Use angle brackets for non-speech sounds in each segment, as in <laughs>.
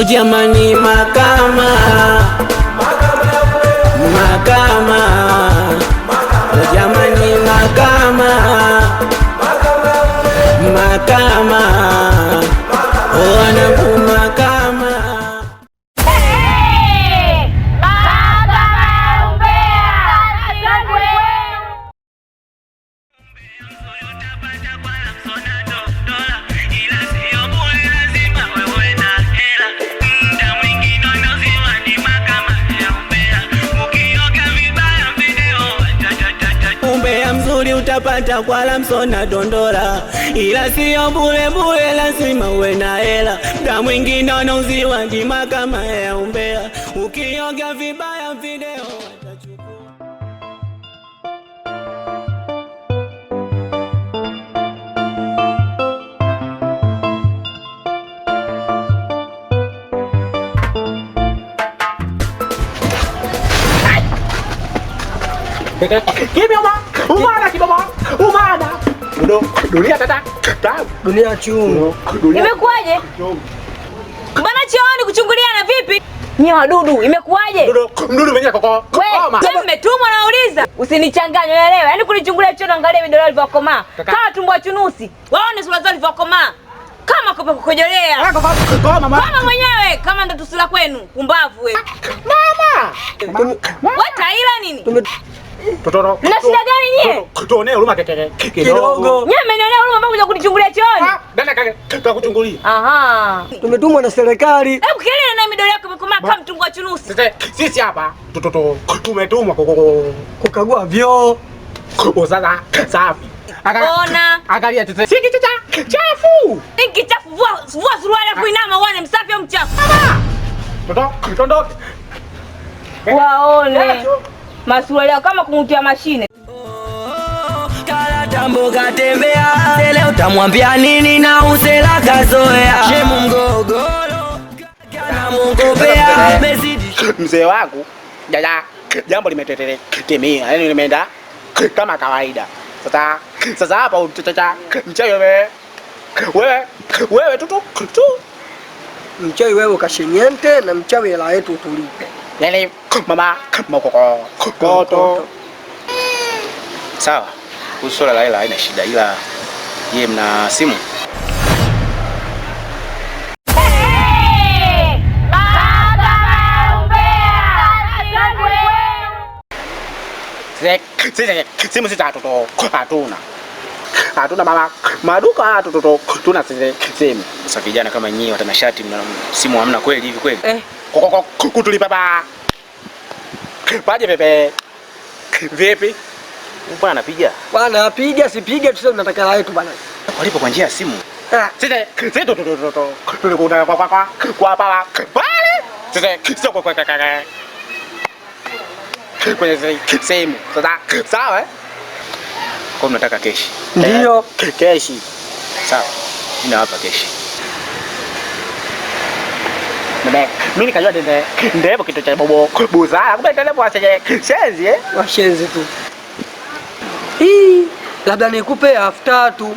Ujamani makama pata kwa Lamson Dondora, ila siyo bure bure, lazima uwe na hela. Da mwingine wanauziwa ndima kama ya umbea, ukioga vibaya video Kimya bwana, umeona kibaba Umada. Udo, dunia tata. tata Dunia chungu. Imekuwaje? Bana chioni kuchungulia na vipi? Nyie wadudu imekuwaje? Dudu, mdudu mwenye koko. Wewe mmetumwa nauliza. Usinichanganye unaelewa? Yaani kunichungulia chooni angalia vidole vilivyokomaa. Kama tumbo chunusi. Waone sura zao zilivyokomaa. Kama kupokojolea. Kama mwenyewe kama ndo tusula kwenu, pumbavu wewe. Mama. Wewe taila nini? Totoro. Mna shida gani nyie? Tuonee huruma kidogo. Nyie mmenionea huruma mbona kunichungulia chooni? Dada ah, kaka, tutakuchungulia. Aha. Tumetumwa na serikali. Hebu kelele na midoli yako imekoma kama mtungu wa chunusi. Sasa sisi hapa tutoto tumetumwa kukagua vyoo. Ozala safi. Ona. Angalia tete. Si kitu chafu. Hiki chafu vua vua suruali kuinama ah. uone msafi au mchafu. Baba. Toto, tondoke. Waone masuala yao kama kumutia mashine. Tambo katembea sele, utamwambia nini na usela kazoea shemu mgogoro <coughs> mzee dada, jambo limetetemea, yani limeenda kama kawaida. Sasa sasa hapa mtata mchawi wewe wewe wewe tu tu mchawi wewe ukashenyente na mchawi hela yetu tulipe yani mama makoko koto. Sawa, kuhusu swala la hela haina shida, ila yeye mna simu simu sita atoto hatuna hatuna mama maduka atoto tuna simu. Sasa vijana kama nyinyi watanashati, mna simu hamna kweli? Hivi kweli eh kutulipa baba Paje pepe. Vipi? Bwana anapiga. Bwana anapiga, sipige tu sasa tunataka la yetu bwana. Walipo kwa njia ya simu. Sasa sasa tu tu tu tu. Tulikuna kwa kwa kwa kwa kwa. Pale. Sasa sasa kwa kwa kwa. Kwenye simu. Sasa sawa eh? Kwa mnataka keshi. Ndio. Keshi. Sawa. Ninawapa keshi. Mimi nikajua ndio ndio kitu cha bobo buzara. Kumbe ndio lepo washenye. Shenzi eh? Washenzi tu. Hii labda nikupe elfu tatu.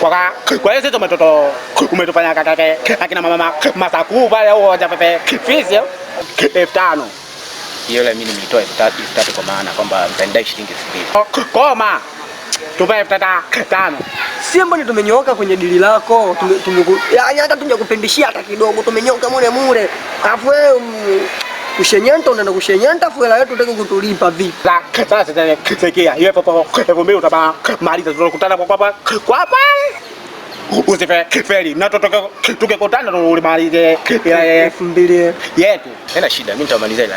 Kwa kwa hiyo sisi tumetoto umetufanya kakake akina mama masaku pale au hoja pepe fisi eh? Elfu tano. Hiyo ile mimi nimetoa elfu tatu kwa maana kwamba mtanidai shilingi 2000. Koma tupae tata tano. Si mbona tumenyoka kwenye dili lako, yaani hata tuja kupindishia hata kidogo, tumenyoka mure mure. Alafu wewe kushenyenta unaenda kushenyenta fuela yetu utaki kutulipa vipi? Sasa sasa sikia, hiyo hapo hapo, hivyo mimi utabaa maliza tunakutana kwa hapa. Kwa hapa usifeli na tukikutana ulimalize elfu mbili yetu. Haina shida, mimi nitamaliza ile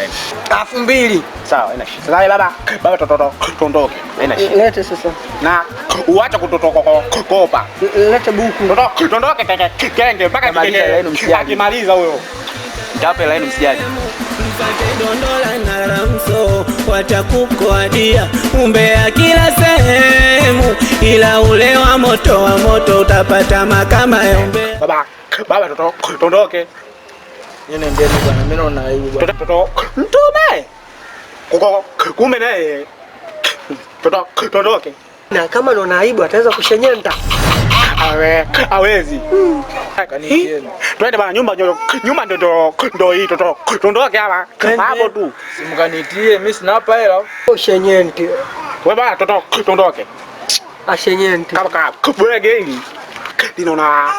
elfu mbili. Sawa, haina shida. Sasa baba, baba tototo tondoke. Haina shida. Lete sasa. Na uache kopa, Lete buku. Tototo tondoke kenge mpaka kenge akimaliza huyo. ndape Nitape line msijaji kufuata watakukoadia umbea kila sehemu, ila ule wa moto wa moto utapata makama ya umbea. Baba, baba, toto, tondoke. Nene ndiye bwana, mimi naona aibu bwana. Toto, mtume. kume kumbe naye. Toto, tondoke. Na kama naona aibu ataweza kushenyenta. Awe, hawezi. Hmm. Twende bana nyumba nyoro nyumba ndo ndo hii toto. Tuondoke hapa. Hapo tu. Simkanitie mimi sina hapa hela. o oh, shenyenti Wewe bana toto a ah, shenyenti Kama kama wewe gengi. Ninaona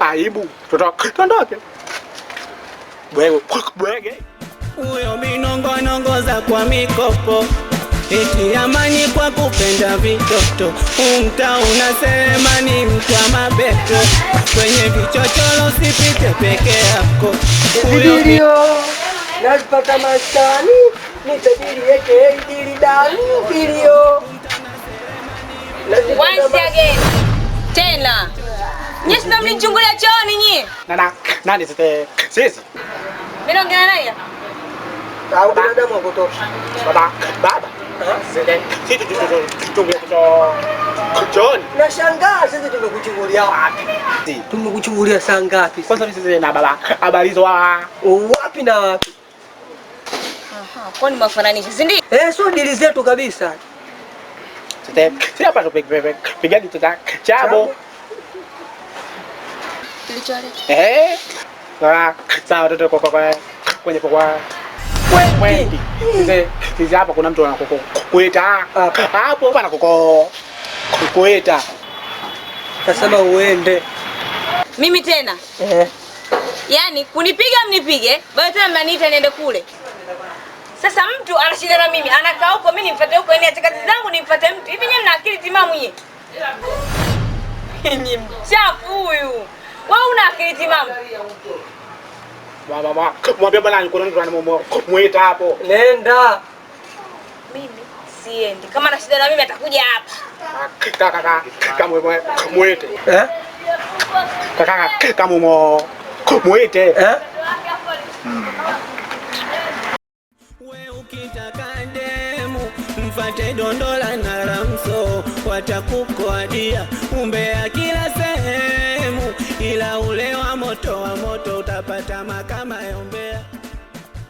aibu. Toto tuondoke. Wewe gengi Uyo minongo nongoza kwa mikopo eti amani kwa kupenda vitoto, umta unasema ni mtu wa mabeto, kwenye vichochoro sipite peke yako uyo nazipata maskani nitajiri once again tena nana nani sete sisi mimi naongea naye au binadamu wa kutosha baba baba Nashangaa sasa tumekuchukulia wapi? Tumekuchukulia saa ngapi? Kwanza sisi na baraka. Habari hizo wapi na wapi? Aha, kwani mafananisho, si ndio? Eh, sio dili zetu kabisa. Chabo. Eh? Ah, sawa, watoto kwenye pokwa sisi hapa kuna mtu anakukueta. Hapo hapa anakukueta. Kasema uende. Mimi tena. Eh. Yaani kunipiga mnipige, bado tena mnaniita niende kule. Sasa mtu anashinda na mimi, anakaa huko mimi nimfuate huko, yani kazi zangu nimfuate mtu. Hivi nyinyi mna akili timamu yeye. Nyinyi mchafu huyu. Wewe una akili timamu. Mama, mwambie bwana alikuwa ndo anamuita hapo. Nenda. Mimi siendi. Kama na shida na mimi atakuja hapa. Kaka kaka kaka muite. Eh? Kaka kaka kama muite. Eh? We ukitaka demu mfate Dondola na Ramso watakukoadia umbea umbea ule wa moto wa moto utapata makama ya umbea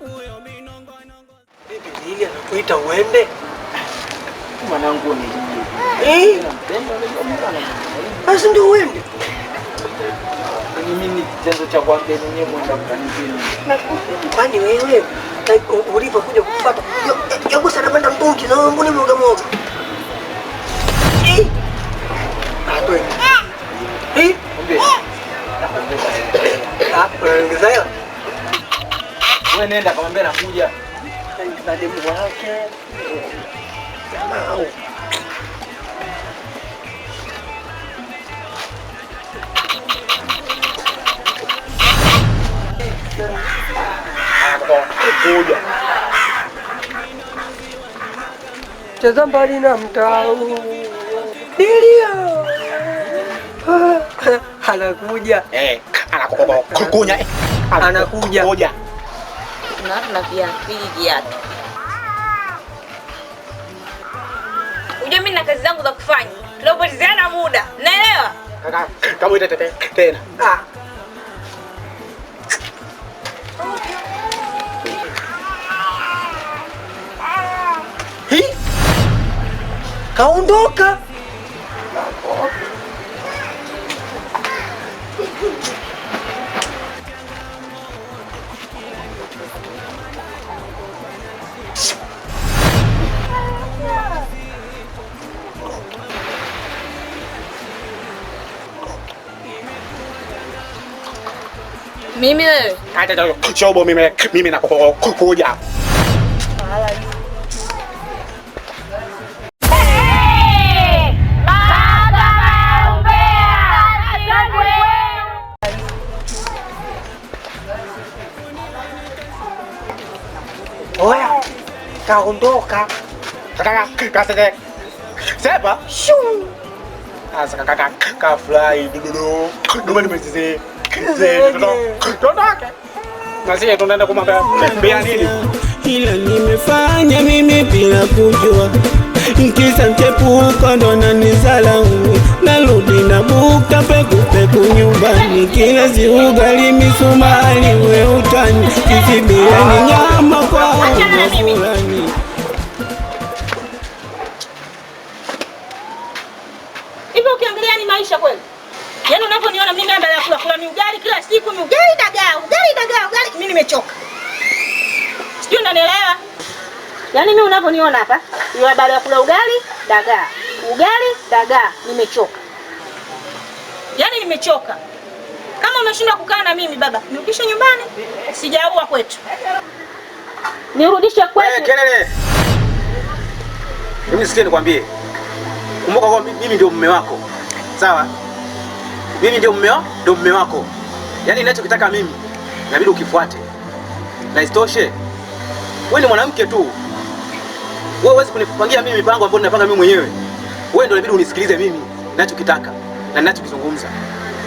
huyo nongo. Bibi Lili anakuita uende mwanangu, ni eh? basi ndio uende. Mimi ni kitendo cha kwambia mwenyewe mwenda mkanizini, kwani wewe ulivyokuja kufuata yagusa napanda mbuki na mbuni mwoga mwoga Hey! Eh? Ah, hapa unaingiza hela. Wewe nenda kamwambia nakuja. Na demu wake. Cheza mbali na mtaa <laughs> anakuja. Eh anakunya anakuja mimi na kazi zangu za kufanya, tunapotezeana muda, naelewa kama tena ah. kaondoka Mimi wewe? Hata shobo mimi mimi nakuja. Oya, kaondoka. Kaka, kaka, sema. Shoo. Asa kaka, kaka fly. Dudu. Dudu nimezizi ila nimefanya mimi bila kujua, nkisa mchepuko ndo nanizalauni, narudi na buka pekupeku nyumbani, kila ziugali misumari we utani, kisibirani nyama kwa unasulani Bwana, mimi namba ya kula kula ni ugali kila siku, ni ugali dagaa, ugali dagaa, ugali. Mimi nimechoka, sijui unanielewa? Yaani mimi unavyoniona hapa ni baada ya kula ugali dagaa, ugali dagaa, nimechoka. Yaani nimechoka. Kama unashindwa kukaa na mimi baba, nirudishe nyumbani, sijaua kwetu, nirudishe kwetu. Hey, kelele! Mimi sikie nikwambie, kumbuka kwamba mimi ndio mume wako, sawa? mimi ndio mume ndio mume wako, yaani ninachokitaka mimi inabidi ukifuate, na isitoshe wewe ni mwanamke tu, wewe huwezi kunipangia mimi mipango ambayo ninapanga mimi mwenyewe. Wewe ndio inabidi unisikilize mimi ninachokitaka na ninachokizungumza,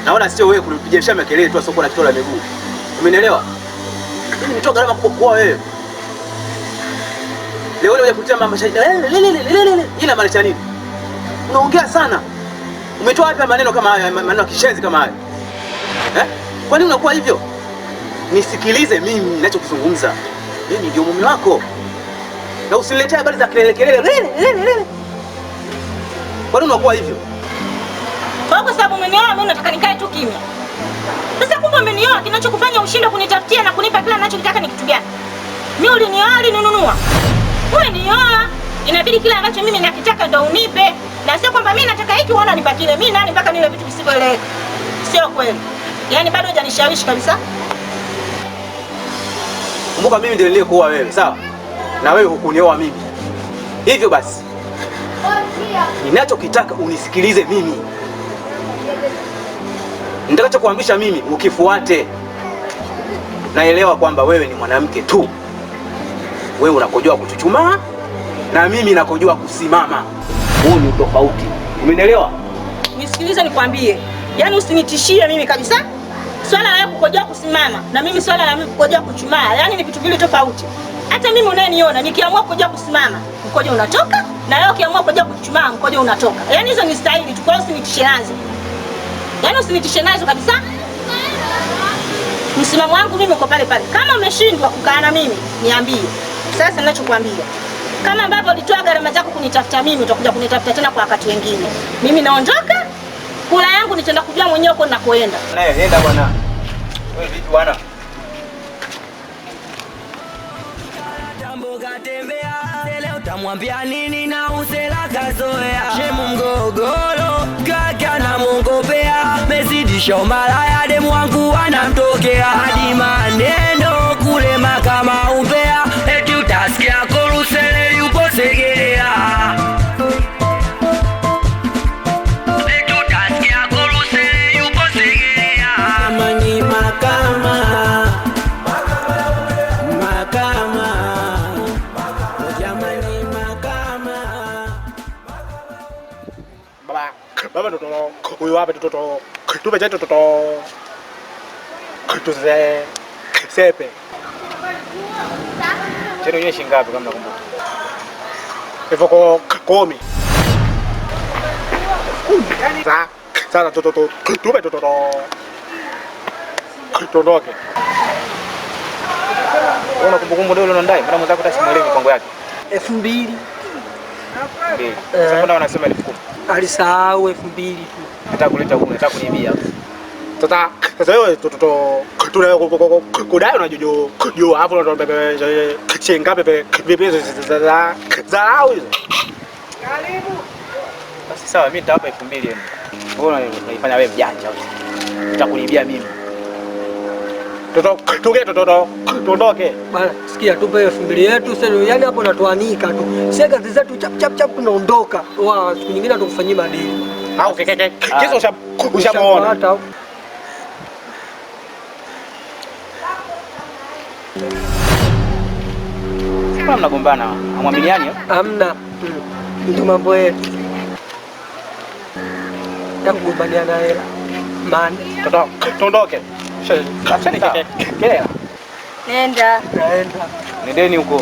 naona sio wewe kunipigia kelele tu soko la kitoto la miguu, umenielewa? Mimi nitoa gharama kubwa kwa wewe leo leo kutia mama shahidi, ile eh, maanisha nini? Unaongea sana Umetoa wapi maneno kama hayo, maneno kishenzi kama hayo eh? Kwa nini unakuwa hivyo? Nisikilize mimi ninachokuzungumza. Mimi ndio mume wako, na usiniletee habari za kelele kelele. Kwa nini unakuwa hivyo? Kwa sababu umenioa mimi, nataka nikae tu kimya. Sasa kumbe umenioa, kinachokufanya ushinde kunitafutia na kunipa kila ninachotaka ni kitu gani? Mimi ulinioa, ulininunua, wewe nioa, inabidi kila ambacho mimi nakitaka ndio unipe na sio kwamba mimi nataka hiki wana nibakile mimi nani mpaka nile vitu visivyoeleweka, sio kweli. Yaani bado hujanishawishi kabisa. Kumbuka mimi ndiye niliyekuoa wewe, sawa? Na wewe hukunioa mimi. Hivyo basi ninachokitaka unisikilize mimi, nitakachokuamrisha mimi ukifuate. Naelewa kwamba wewe ni mwanamke tu, wewe unakojua kuchuchumaa na mimi nakojua kusimama huu ni utofauti, umenielewa? Nisikilize nikwambie, yaani usinitishie mimi kabisa. Swala la kukojea kusimama na mimi swala la mimi kukojea kuchumaa, yaani ni vitu vile tofauti. Hata mimi unayeniona, nikiamua kukojea kusimama, mkojo unatoka, na leo ukiamua kukojea kuchumaa, mkojo unatoka. Yaani hizo ni staili tu, kwa hiyo usinitishie nazo, yaani usinitishie nazo kabisa. Msimamo wangu mimi uko pale pale. Kama umeshindwa kukaa na mimi niambie. Sasa ninachokuambia kama ambavyo ulitoa gharama zako kunitafuta mimi, utakuja kunitafuta tena kwa wakati wengine. Mimi naondoka, kula yangu nitaenda kujua mwenyewe huko ninakoenda. Naye nenda bwana. Wewe vipi bwana? Utamwambia nini na usela kazoea? Shemu mgogoro kaka na mungopea mezidisha umalaya demu wangu anamtokea hadi maneno baba baba mtoto huyu hapa mtoto tupe chai mtoto tuze sepe chero yenyewe shilingi ngapi kama nakumbuka hivyo kwa komi sana tupe mtoto tuondoke una kumbukumbu ndio ulionadai maana mwenzako hata simuelewi mipango yake elfu mbili wanasema elfu kumi alisahau elfu mbili tu. Nataka huko, nataka kunibia. Sasa wewe toto tuna kudai jojo jo hapo na pepe kichenga pepe pepe za za hizo. Karibu. Basi sawa, mimi nitawapa elfu mbili. unaifanya wewe mjanja? Utakulibia mimi tutoke tutoto tuondoke bana, sikia tupe elfu mbili yetu sasa. Yani hapo natuanika tu, sasa kazi zetu chap chap chap, tunaondoka. Wa siku nyingine tukufanyia madili au keke keke kisa, ah, ushamuona sasa. Mnagombana amwaminiani? Hamna, ndio mambo yetu ya kugombania na hela. Man, tutoke tuondoke. Nenda. Nendeni huko.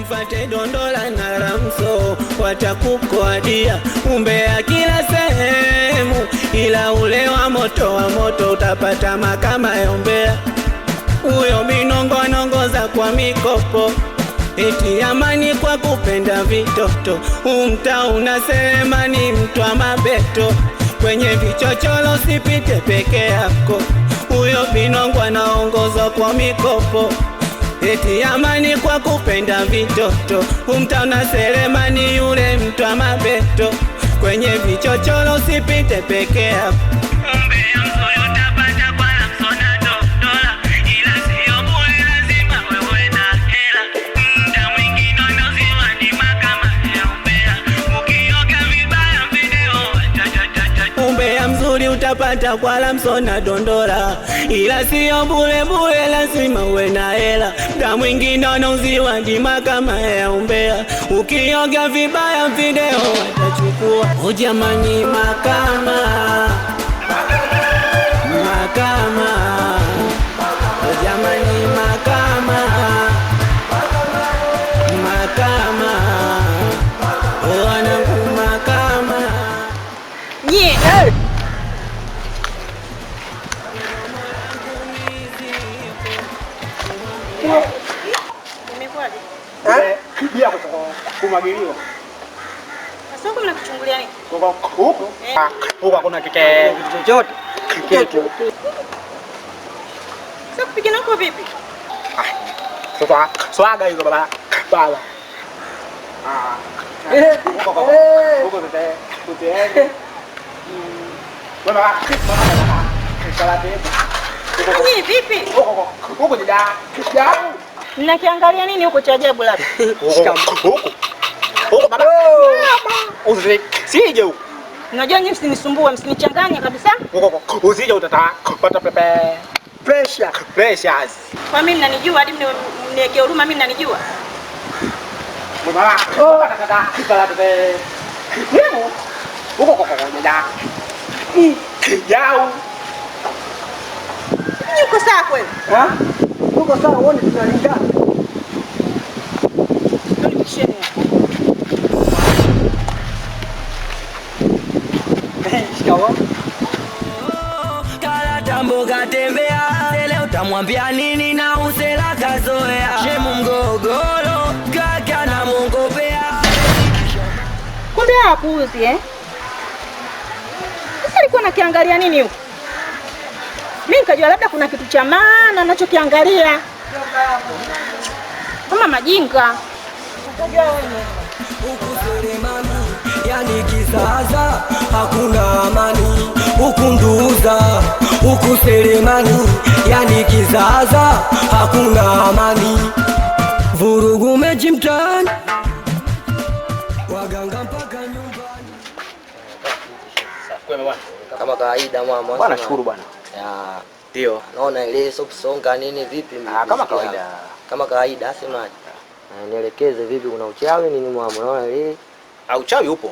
Mfate dondola na ramso, watakukoadia umbea kila sehemu, ila ule wa moto wa moto utapata makama ya umbea. Eti amani kwa kupenda vitoto, umta unasema ni mtu wa mabeto. Kwenye vichochoro sipite peke yako, huyo vinongwa naongoza kwa mikopo. Eti amani kwa kupenda vitoto, umta unasema ni yule mtu wa mabeto. Kwenye vichochoro sipite peke yako utapata kwa msona Dondora, ila siyo bure bure, lazima uwe na hela. Mda mwingine anauziwa ndima kama ya umbea, ukioga vibaya video watachukua. Hujamani oh, makama makama, makama oh, kumwagiliwa eh. ah, huko hakuna kitu chochote ah, swaga hizo baba baba nini huko cha ajabu labda? baba. Usije. Sije huko. Unajua nyinyi msinisumbue, msinichanganye kabisa. Usije utapata pepe. Pressure. Pressures. Kwa mimi mnanijua hadi mniwekee huruma mimi mnanijua. Baba. Oh, kipala pepe. Ndio. Huko kwa kwa dada. Mm. Yao. Uko sawa kweli? Ha? Uko sawa, uone tunalingana. Tunipisheni Chawa. Kala tambo katembea, leo utamwambia nini na usela kazoea. Shemu mgogoro, kaka na mongopea. Kumbe hapuuzi eh? Sasa alikuwa nakiangalia nini huko? Mimi nikajua labda kuna kitu cha maana anachokiangalia. Kama majinga. Ukajua wewe sasa hakuna amani ukunduza ukuselemani, yani kizaza hakuna amani, vurugu mechi mtaani, waganga mpaka nyumbani kama kawaida. Mama bwana, shukuru bwana. Ndio naona ile sio songa nini, vipi? Ah, kama kawaida, kama kawaida. Semaje, ah. ah, nielekeze vipi? Kuna uchawi nini mama? Naona ile au ah, uchawi upo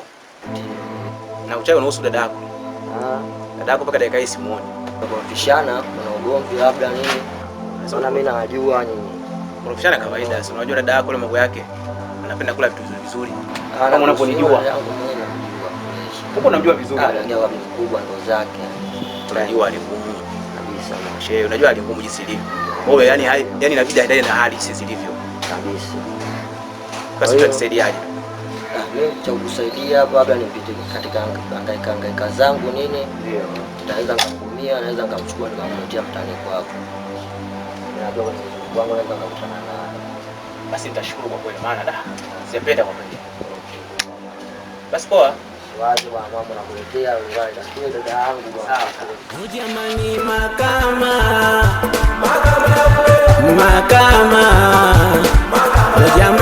na uchawi unahusu dada yako. Ah. Dada yako mpaka dakika hii simuoni. Mnafishana, kuna ugomvi labda nini? Sasa mimi najua nyinyi. Mnafishana kawaida, si unajua dada yako ile mambo yake. Anapenda kula vitu vizuri vizuri. Ah, Kama unaponijua. Huko unamjua vizuri. Ah, Ndio mkubwa ndo zake. Tunajua ni ngumu kabisa. Shehe, unajua ni ngumu jinsi ilivyo. Wewe yani yani inabidi aendelee na hali jinsi zilivyo. Kabisa. Basi tutasaidiaje? cha kusaidia hapo, labda nipite katika hangaika hangaika zangu nini, naweza nikakumia, naweza nikamchukua nikamletea mtani kwako, naweza nikakutana na basi, nitashukuru kwa kweli, maana da sipenda kwa kweli. Basi poa jamani, mahakama mahakama mahakama